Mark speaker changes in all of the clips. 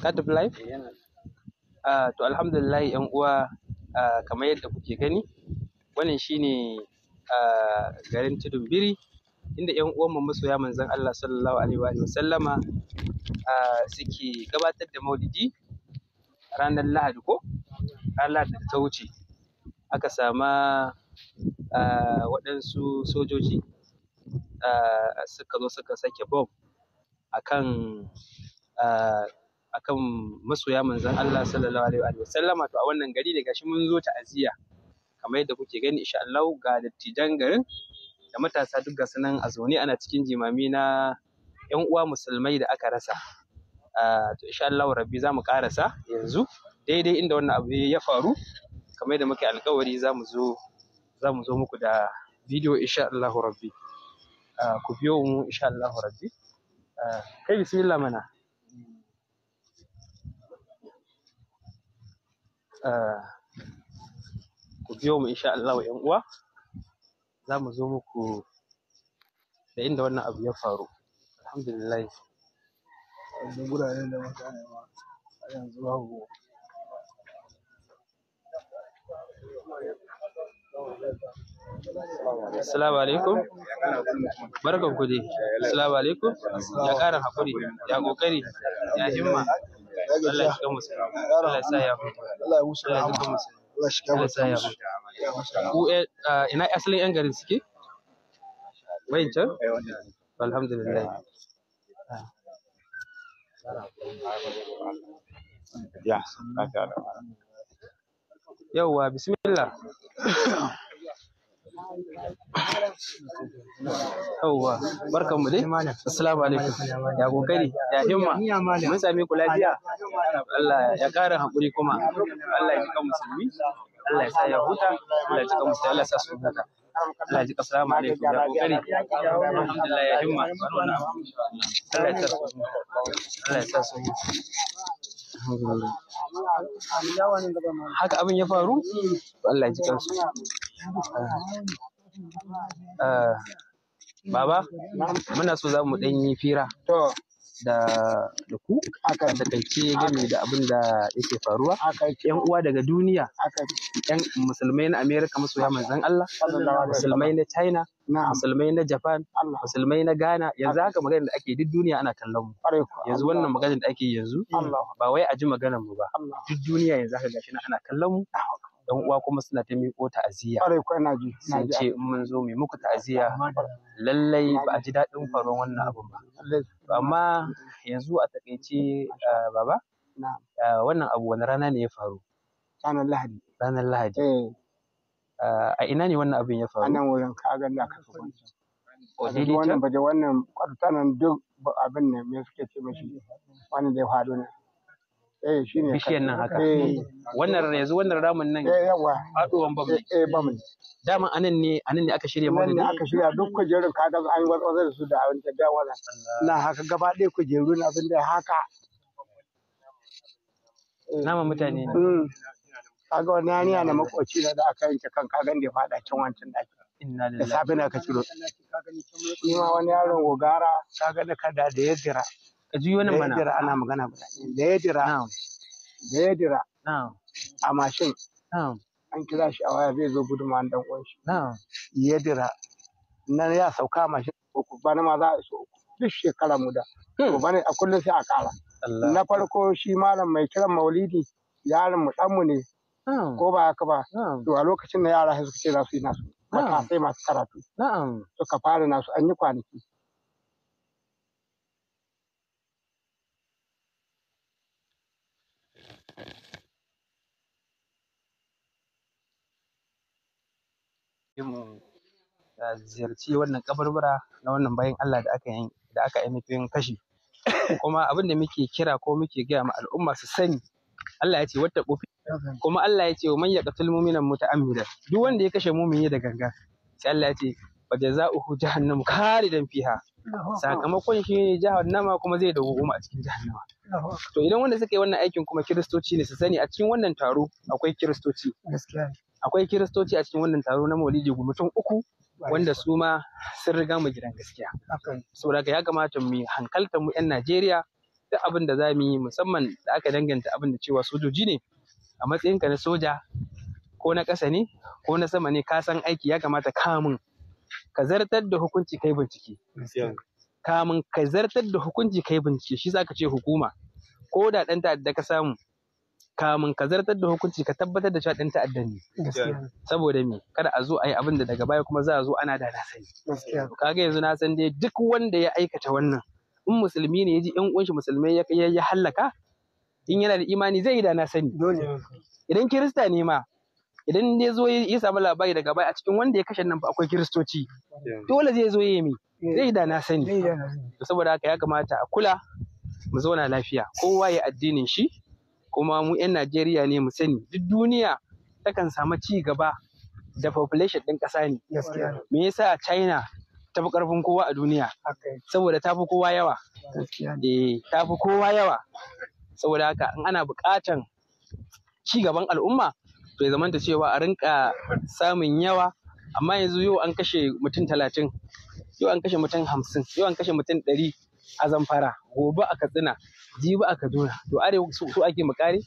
Speaker 1: ka tafi live uh, to alhamdulillah yan uwa uh, kamar yadda kuke gani wannan shine uh, garin tudun biri inda yan uwan mu masoya manzon Allah sallallahu alaihi wa sallama uh, suke gabatar da maulidi ranar Lahadi ko ranar Lahadi da ta wuce aka sama uh, waɗansu sojoji uh, suka zo suka sake bom akan akan masoya manzon Allah sallallahu alaihi wa sallama to a wannan gari da gashi mun zo ta'aziyya kamar yadda kuke gani insha Allah ga dattijan garin da matasa duk ga sunan a zaune ana cikin jimami na yan uwa musulmai da aka rasa to insha Allah rabbi za mu karasa yanzu daidai inda wannan abu ya faru kamar yadda muke alkawari za mu zo za zo muku da bidiyo insha Allah rabbi ku biyo mu insha Allah rabbi kai bismillah mana Eh, ku biyo mu insha Allah wa 'yan uwa za mu zo muku da inda wannan abu ya faru alhamdulillah
Speaker 2: da guraren da mutane ma a yanzu babu Assalamu alaikum.
Speaker 1: Barkan ku dai. Assalamu alaikum. Ya ƙara haƙuri, ya ƙoƙari, ya himma. Eh, ina asalin yan garin suke wayancan alhamdulillah ya bismillah Yawwa, barkan mu dai. Assalamu alaikum. Ya kokari, ya himma. Mun same ku lafiya. Allah ya hakuri kuma. Allah ya musulmi. Allah ya sa ya huta. Allah ya musulmi. Allah ya sa su huta. Allah ya alaikum. Ya kokari. Alhamdulillah ya himma. Allah ya sa su huta. Allah ya sa su huta. Haka abin ya faru? Allah ya Eh, Baba, muna so zamu mu ɗan yi fira da da ku a takaice game da abin da yake faruwa. ‘Yan uwa daga duniya, ‘yan musulmai na Amerika masoya manzan Allah, musulmai na China, musulmai na Japan, musulmai na Ghana, yanzu haka maganar da ake duk duniya ana kallon mu. Yanzu wannan maganar da ake yanzu, ba wai a ji maganar mu ba, duk duniya yanzu haka gashi ana kallon mu. Ɗan uwa kuma suna ta miƙo ta'aziyya sun ce in mun zo mai muku ta'aziyya lallai ba a ji daɗin faruwar wannan abun ba amma yanzu a takaice eh, baba eh, wannan abu wani rana ne ya faru ranar lahadi ranar lahadi eh. a ina ne wannan abin ya faru a nan wurin kagan da aka fi wannan baje wannan kwartanan duk abin ne me suke ce mashi wannan da ya faru ne eh shine bishiyan nan haka eh. wannan yanzu wannan ramin nan eh yawa faduwan bam eh, eh bam dama anan ne anan ne aka shirya maulidi ne aka shirya kaga an su da na haka gaba ɗaya kujeru na abin da haka eh. nama mutane ne mm. kaga wani yaniya na makoci na da aka yanke kan kagan da ya faɗa cin wancan daki da safe ka ciro ni ma wani yaron gogara kaga da kada da ya ka juyo nan mana da ana magana guda da ya dira da ya dira a mashin an kira shi a waya zai zo gudunma dan uwan shi ya dira nan ya sauka mashin uku bana ma za a iso uku duk shekara mu da hmm. ne a kullum sai a kara na farko shi malam mai kiran maulidi yaron mu dan mu ne ko ba haka ba to a lokacin da yara suka ce za su yi nasu matasai masu karatu suka fara nasu an yi kwanaki tafi mu eh, ziyarci wannan kaburbura na wannan bayan Allah da aka da aka ainihin kashe kuma abin da muke kira ko muke gaya ma al'umma su sani Allah ya ce wata kofi kuma Allah ya ce wa man yaqtul mu'minan muta'ammidan duk wanda ya kashe mumini da ganga sai Allah ya ce wa jazaohu jahannam khalidan fiha sakamakon shi ne jahannama kuma zai dawo goma a cikin jahannama to idan wanda suka yi wannan aikin kuma kiristoci ne su sani a cikin wannan taro akwai kiristoci akwai kiristoci a cikin wannan taro na maulidi mutum uku wanda su ma sun riga mu gidan gaskiya saboda ya kamata mu hankalta mu yan Najeriya duk abin da za mu yi musamman da aka danganta abin da cewa sojoji ne a matsayinka na soja ko na ƙasa ne ko na sama ne ka san aiki ya kamata kamun ka zartar da hukunci kai bincike kamun ka zartar da hukunci kai bincike shi zaka ce hukuma ko da ɗan ta'adda ka samu kamun ka zartar da hukunci ka tabbatar da cewa ɗan ta'adda ne saboda me kada a zo a yi abin da daga baya kuma za a zo ana da na sani kaga yanzu na san dai duk wanda ya aikata wannan in musulmi ne ya ji ƴan uwan musulmai ya kai ya hallaka in yana da imani zai yi da na sani idan kirista ne ma idan ya zo ya samu labari daga baya a cikin wanda ya kashe nan ba akwai kiristoci dole zai zo ya yi zai yi da na sani saboda haka ya kamata a kula mu zauna lafiya kowa ya addinin shi kuma mu 'yan Najeriya ne mu sani duk duniya takan samu ci gaba da population ɗin ƙasa ne. Me yasa China ta fi ƙarfin kowa a duniya? Saboda ta fi kowa yawa. Eh, ta fi kowa yawa. Saboda haka in ana buƙatan ci gaban al'umma to ya zamanta cewa a rinka samun yawa amma yanzu yau an kashe mutum talatin yau an kashe mutum hamsin yau an kashe mutum ɗari a zamfara gobe a katsina jibi a kaduna to arewa su ake makare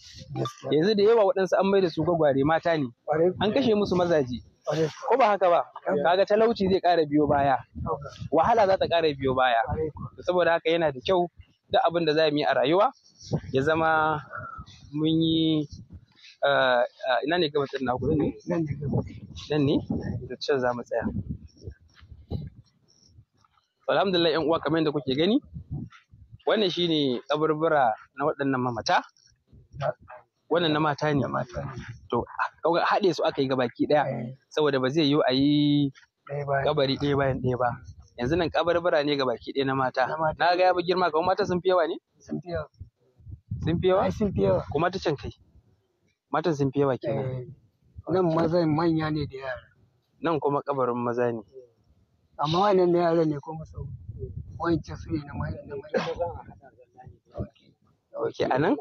Speaker 1: yanzu da yawa waɗansu an mai da su gwagware mata ne an kashe musu mazaje ko ba haka ba kaga talauci zai ƙara biyo baya wahala za ta ƙara biyo baya saboda haka yana da kyau duk abin da za mu yi a rayuwa ya zama mun yi eh, eh, ina ne gaba tsarin ku ne nan ne da can za mu tsaya alhamdulillah yan uwa kamar yadda kuke gani wannan shine kaburbura na waɗannan mamata wannan na mata ne to haɗe su aka yi gabaki ɗaya saboda ba zai yiwu a yi kabari ɗaya bayan ɗaya ba yanzu nan kabarbara ne gabaki ɗaya na mata na ga ya bi girma kamar mata sun fi yawa ne sun fi yawa sun fi yawa ko mata kuma ta can kai matan sun fi yawa kenan eh, nan maza manya ne da yara nan kuma kabarin maza ne amma wannan na yaran ne ko musu wancan su ne na mai na mai ok anan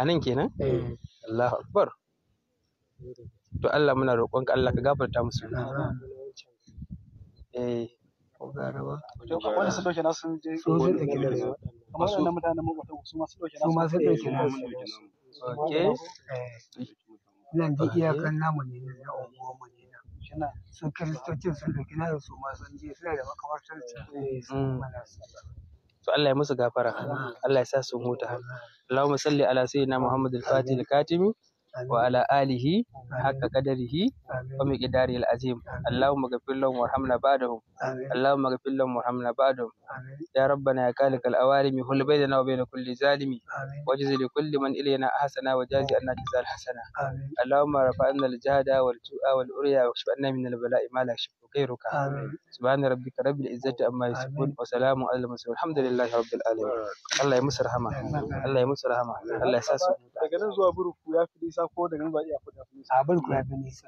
Speaker 1: anan kenan eh. Allahu akbar to Allah muna roƙonka Allah ka gafarta musu eh ko garaba to su je su wannan mutanen su ma su su ma Okay. Eh. iyakan namu ne mu ne suna su kiristocin sun ɗauki na su ma sun je suna da makamartar mm. eh, to Allah ya musu gafara Allah ya sa su huta Allahumma salli ala sayyidina Muhammad al al-Katimi وعلى آله حق قدره ومقداره العظيم اللهم اغفر لهم وارحمنا بعدهم اللهم اغفر لهم وارحمنا بعدهم يا ربنا يا خالق الأوارم حل بيننا وبين كل ظالم واجز لكل من إلينا أحسن وجازي أن جزاء الحسنة اللهم رفعنا الجهد والجوع والأريا واشفعنا من البلاء ما لا يشفى غيرك سبحان ربك رب العزة عما يصفون وسلام على المرسلين الحمد لله رب العالمين الله يمسر رحمه الله يمسر رحمه Allah ya sa su daga nan zuwa buruku ya fi nisa ko daga nan iya hmm. nisa. Babur nisa.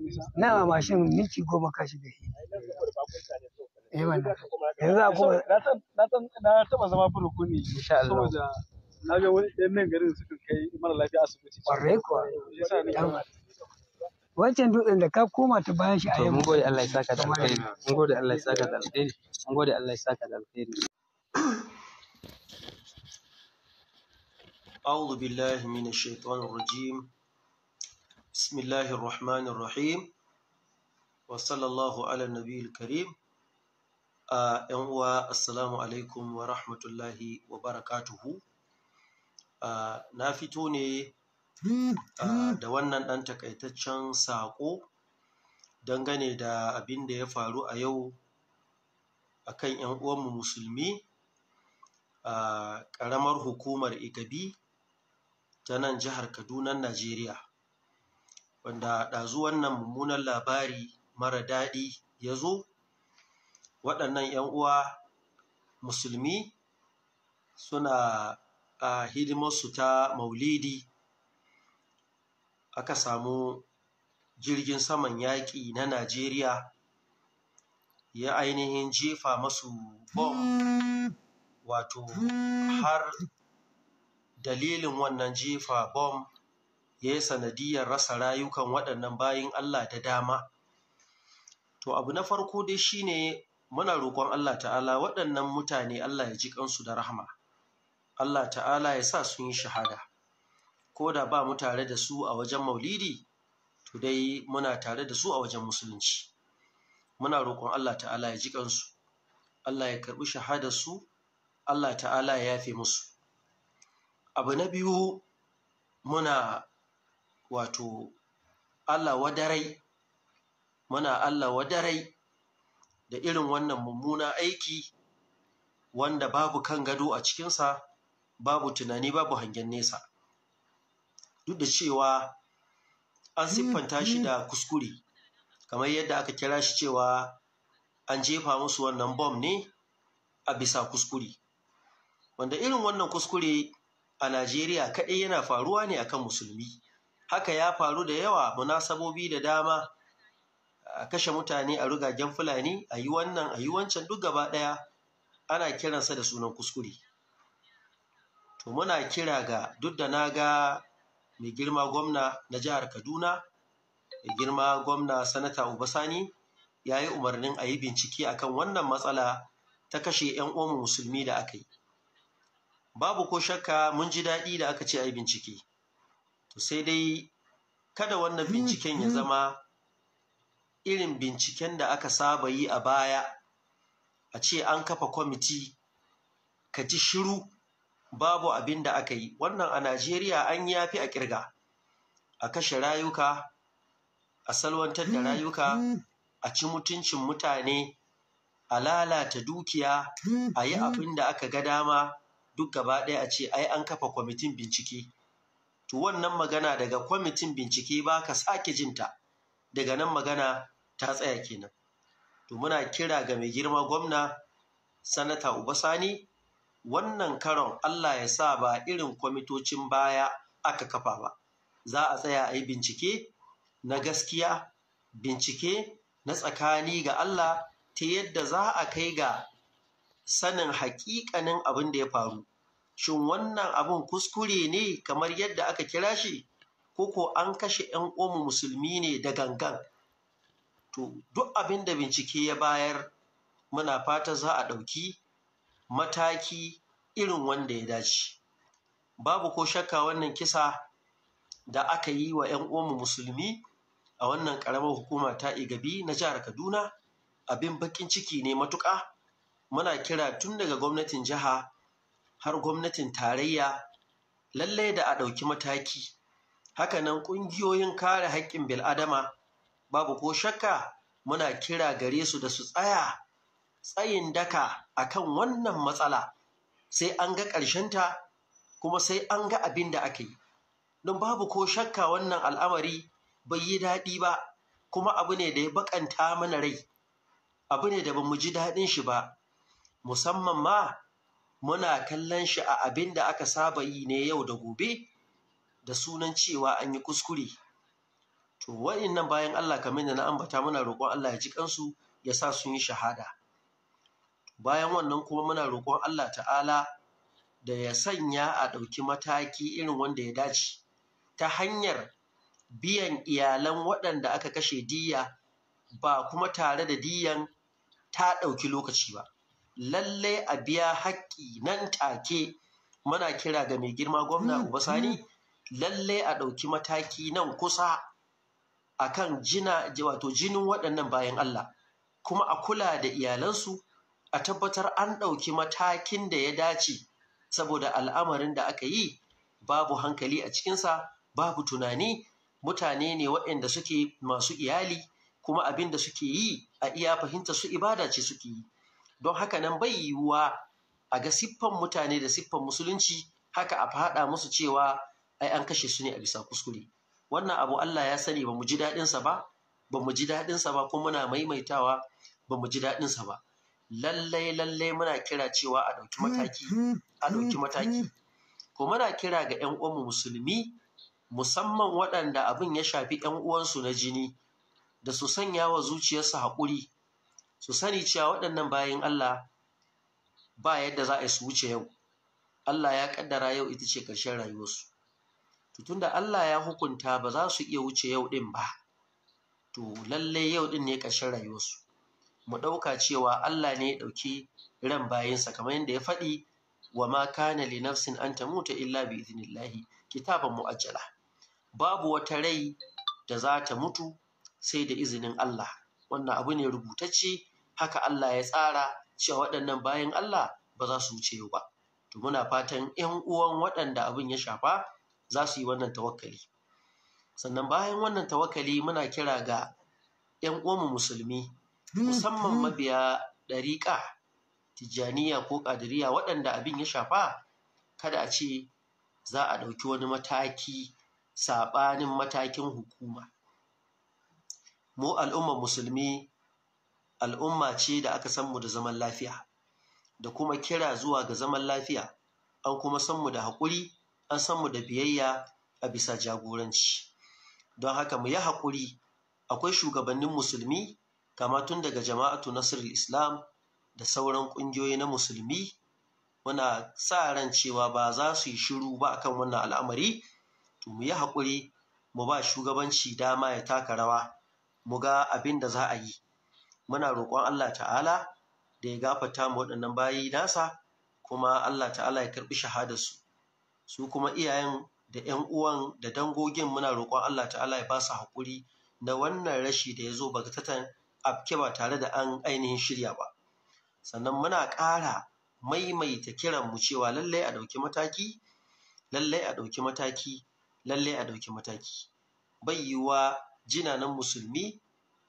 Speaker 1: nisa. Nawa mashin miki goma ka shiga shi. Eh, Yanzu a kuma. Na zama furuku Insha Allah. Saboda na ga wani ɗan nan garin suka kai mara lafiya asibiti. kuwa. wancan dutsen da ka koma ta bayan shi a yau. Mun gode Allah ya saka da alheri. Mun gode Allah ya saka da alheri. Mun gode Allah ya saka da alheri.
Speaker 2: أعوذ بالله من الشيطان الرجيم بسم الله الرحمن الرحيم وصلى الله على النبي ‘yan uwa assalamu alaikum wa rahmatullahi wa barakatuhu na fito ne da wannan ɗan takaitaccen saƙo dangane da abinda ya faru a yau akan ‘yan uwan musulmi a ƙaramar hukumar igabi ta nan jihar Kaduna Najeriya wanda ɗazu wannan mummunan labari mara daɗi ya zo waɗannan 'yan uwa musulmi suna a hidimarsu ta maulidi aka samu jirgin saman yaƙi na Najeriya ya ainihin jefa masu bom wato har dalilin wannan jefa bom ya yi sanadiyar rasa rayukan waɗannan bayin Allah da dama to abu na farko dai shi ne muna roƙon Allah ta'ala waɗannan mutane Allah ya ji kansu da rahama, Allah ta'ala ya sa sun yi shahada ko da ba mu tare da su a wajen maulidi to dai muna tare da su a wajen musulunci muna roƙon Allah ta'ala ya ji kansu Allah ya karɓi shahadarsu Allah ta'ala ya yafe musu abu na biyu muna wato allah wadarai muna allah wadarai da irin wannan mummuna aiki wanda babu kan gado a cikinsa babu tunani babu hangen nesa duk da cewa an siffanta shi da kuskure kamar yadda aka kira shi cewa an jefa musu wannan bom ne a bisa kuskure wanda irin wannan kuskure a Najeriya kaɗai yana faruwa ne akan musulmi haka ya faru da yawa munasabobi da dama a kashe mutane a rugagen fulani a yi wannan a yi wancan duk gaba ɗaya ana kiransa da sunan kuskure to muna kira ga duk da na ga mai girma gwamna na jihar kaduna mai girma gwamna sanata Uba Sani, ya yi umarnin a yi bincike akan wannan matsala ta kashe 'yan uwan musulmi da aka yi babu ko shakka mun ji daɗi da aka ce ai bincike to sai dai kada wannan binciken ya mm, mm. zama irin binciken da aka saba yi a baya a ce an kafa kwamiti ka ci shiru babu abin da aka yi wannan a najeriya an yafi a kirga a kashe rayuka a salwantar da mm, rayuka a ci mutuncin mutane a lalata dukiya a yi abin da aka ga dama duk gaba ɗaya a ce ai an kafa kwamitin bincike to wannan magana daga kwamitin bincike ba ka sake jinta daga nan magana ta tsaya kenan to muna kira ga mai girma gwamna sanata Uba Sani, wannan karon allah ya sa ba irin kwamitocin baya aka kafa ba za a tsaya a yi bincike na gaskiya bincike na tsakani ga allah ta yadda za a kai ga sanin haƙiƙanin abin da ya faru shin wannan abin kuskure ne kamar yadda aka kira shi koko an kashe 'yan uwanmu musulmi ne da gangan to duk abin da bincike ya bayar muna fata za a ɗauki mataki irin wanda ya dace babu ko shakka wannan kisa da aka yi wa 'yan uwanmu musulmi a wannan ƙaramar hukuma ta igabi na jihar kaduna abin baƙin ciki ne matuƙa muna kira tun daga gwamnatin jiha har gwamnatin tarayya lallai da a ɗauki mataki hakanan ƙungiyoyin kare haƙƙin bil'adama babu ko shakka muna kira gare su da su tsaya tsayin daka a kan wannan matsala sai an ga ƙarshen ta kuma sai an ga abin da aka yi don babu ko shakka wannan al'amari bai yi daɗi ba kuma abu ne da ya baƙanta mana rai abu ne da ba mu ji daɗin shi ba musamman ma muna kallon shi a abin da aka saba yi ne yau da gobe da sunan cewa an yi kuskure to waɗannan bayan Allah kamar da na ambata muna roƙon Allah ya ji kansu ya sa sun yi shahada bayan wannan kuma muna roƙon Allah ta'ala da ya sanya a ɗauki mataki irin wanda ya dace ta hanyar biyan iyalan waɗanda aka kashe diyya ba kuma tare da diyyan ta ɗauki lokaci ba lalle a biya haƙƙi nan take muna kira ga mai girma gwamna mm, Ubasani mm. lalle a ɗauki mataki nan kusa akan jina wato jinin waɗannan bayan Allah kuma a kula da iyalansu a tabbatar an ɗauki matakin da ya dace saboda al'amarin da aka yi babu hankali a cikinsa babu tunani mutane ne waɗanda suke masu iyali kuma abin da suke yi a iya fahimta su ibada ce suke yi don haka nan bai yiwuwa a ga siffan mutane da siffan musulunci haka a faɗa musu cewa ai an kashe su ne a bisa kuskure wannan abu Allah ya sani ba mu ji daɗinsa ba ba mu ji daɗinsa ba ko muna maimaitawa ba mu ji daɗinsa ba lallai lallai muna kira cewa a ɗauki mataki a ɗauki mataki ko muna kira ga 'yan uwanmu musulmi musamman waɗanda abin ya shafi 'yan uwansu na jini da su sanya wa zuciyarsu haƙuri su sani cewa waɗannan bayan Allah ba yadda za a yi su wuce yau Allah ya ƙaddara yau ita ce ƙarshen rayuwarsu to tunda Allah ya hukunta ba za su iya wuce yau ɗin ba to lalle yau ɗin ne ƙarshen rayuwarsu mu ɗauka cewa Allah ne ya ɗauki ran bayansa kamar yadda ya faɗi wa ma kana li nafsin an tamuta illa bi idnillahi kitaban mu'ajjala babu wata rai da za ta mutu sai da izinin Allah wannan abu ne rubutacce haka Allah ya tsara cewa waɗannan bayan Allah ba za su wuce ba to muna fatan ƴan uwan waɗanda abin ya shafa za su yi wannan tawakkali sannan bayan wannan tawakkali muna kira ga ƴan uwanmu musulmi musamman mabiya ɗariƙa tijjaniya ko ƙadiriya waɗanda abin ya shafa kada a ce za a ɗauki wani mataki saɓanin matakin hukuma mu al'ummar musulmi al'umma ce da aka san mu da zaman lafiya da kuma kira zuwa ga zaman lafiya an kuma san mu da haƙuri an san mu da biyayya a bisa jagoranci don haka mu yi haƙuri akwai shugabannin musulmi kama tun daga jama'atu nasirul islam da sauran ƙungiyoyi na musulmi muna sa ran cewa ba za su yi shiru ba akan wannan al'amari to mu yi haƙuri mu ba shugabanci dama ya taka rawa mu ga abin da za a yi muna roƙon Allah ta'ala da ya gafata mu waɗannan bayi nasa kuma Allah ta'ala ya karɓi shahadarsu su kuma iyayen da 'yan uwan da dangogin muna roƙon Allah ta'ala ya ba su haƙuri na wannan rashi da ya zo bagatatan afke ba tare da an ainihin shirya ba sannan muna ƙara maimaita kiran mu cewa lallai a ɗauki mataki lallai a ɗauki mataki lallai a ɗauki mataki bai yiwuwa jinanan musulmi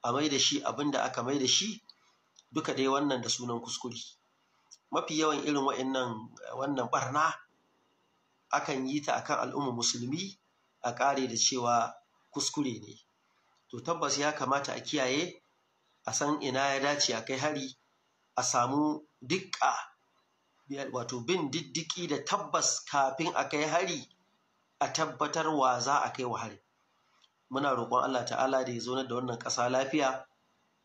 Speaker 2: a mai da shi abin da aka mai da shi duka dai wannan da sunan kuskure mafi yawan irin wa'annan wannan barna akan yi ta akan al'umma musulmi a ƙare da cewa kuskure ne to tabbas ya kamata a kiyaye a san ina ya dace a kai hari a samu dukka wato bin diddiki da tabbas kafin a kai hari a tabbatar wa za a kai wa hari muna roƙon Allah ta'ala da ya zo da wannan ƙasa lafiya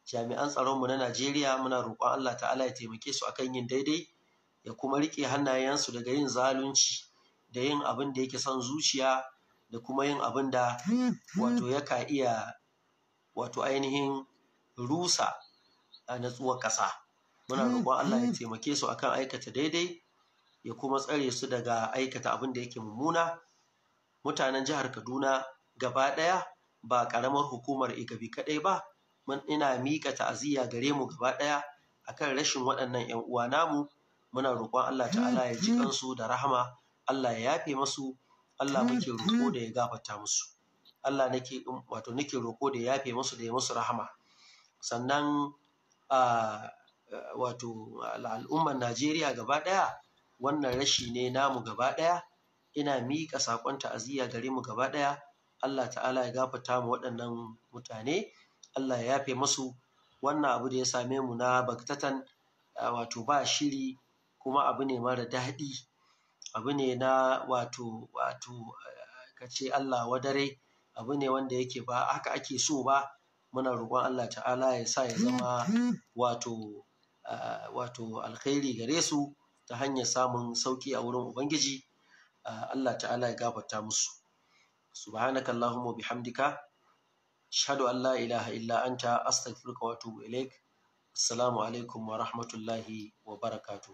Speaker 2: jami'an tsaronmu na Najeriya muna roƙon Allah ta'ala ya taimake su akan yin daidai ya kuma riƙe hannayensu daga yin zalunci da yin abin da yake son zuciya da kuma yin abin da wato ka iya wato ainihin rusa a natsuwar ƙasa muna roƙon Allah ya taimake su akan aikata daidai ya kuma tsare su daga aikata abin da yake mummuna mutanen jihar Kaduna gaba ɗaya ba karamar hukumar Igabi kaɗai ba mun ina miƙa ta'aziyya gare mu gaba a akan rashin waɗannan ƴan uwa namu muna roƙon Allah ta'ala ya ji kansu da rahama Allah ya yafe musu Allah muke roƙo da ya gafarta musu Allah nake wato nake roƙo da ya yafe musu da ya musu rahama sannan wato al'ummar Najeriya gaba ɗaya wannan rashi ne namu gaba ɗaya ina miƙa saƙon ta'aziyya gare mu gaba ɗaya. Allah ta'ala ya gafata ma waɗannan mutane Allah ya yafe musu wannan abu da ya same mu na baktatan wato ba shiri kuma abu ne mara daɗi abu ne na wato wato ka Allah wadare abu ne wanda yake ba haka ake so ba muna roƙon Allah ta'ala ya sa ya zama wato wato alkhairi gare su ta hanyar samun sauƙi a wurin Ubangiji Allah ta'ala ya gafarta musu subhanaka allahumma bihamdika ashhadu an la ilaha illa anta astaghfiruka wa atubu ilaik assalamu alaikum wa rahmatullahi wa barakatu.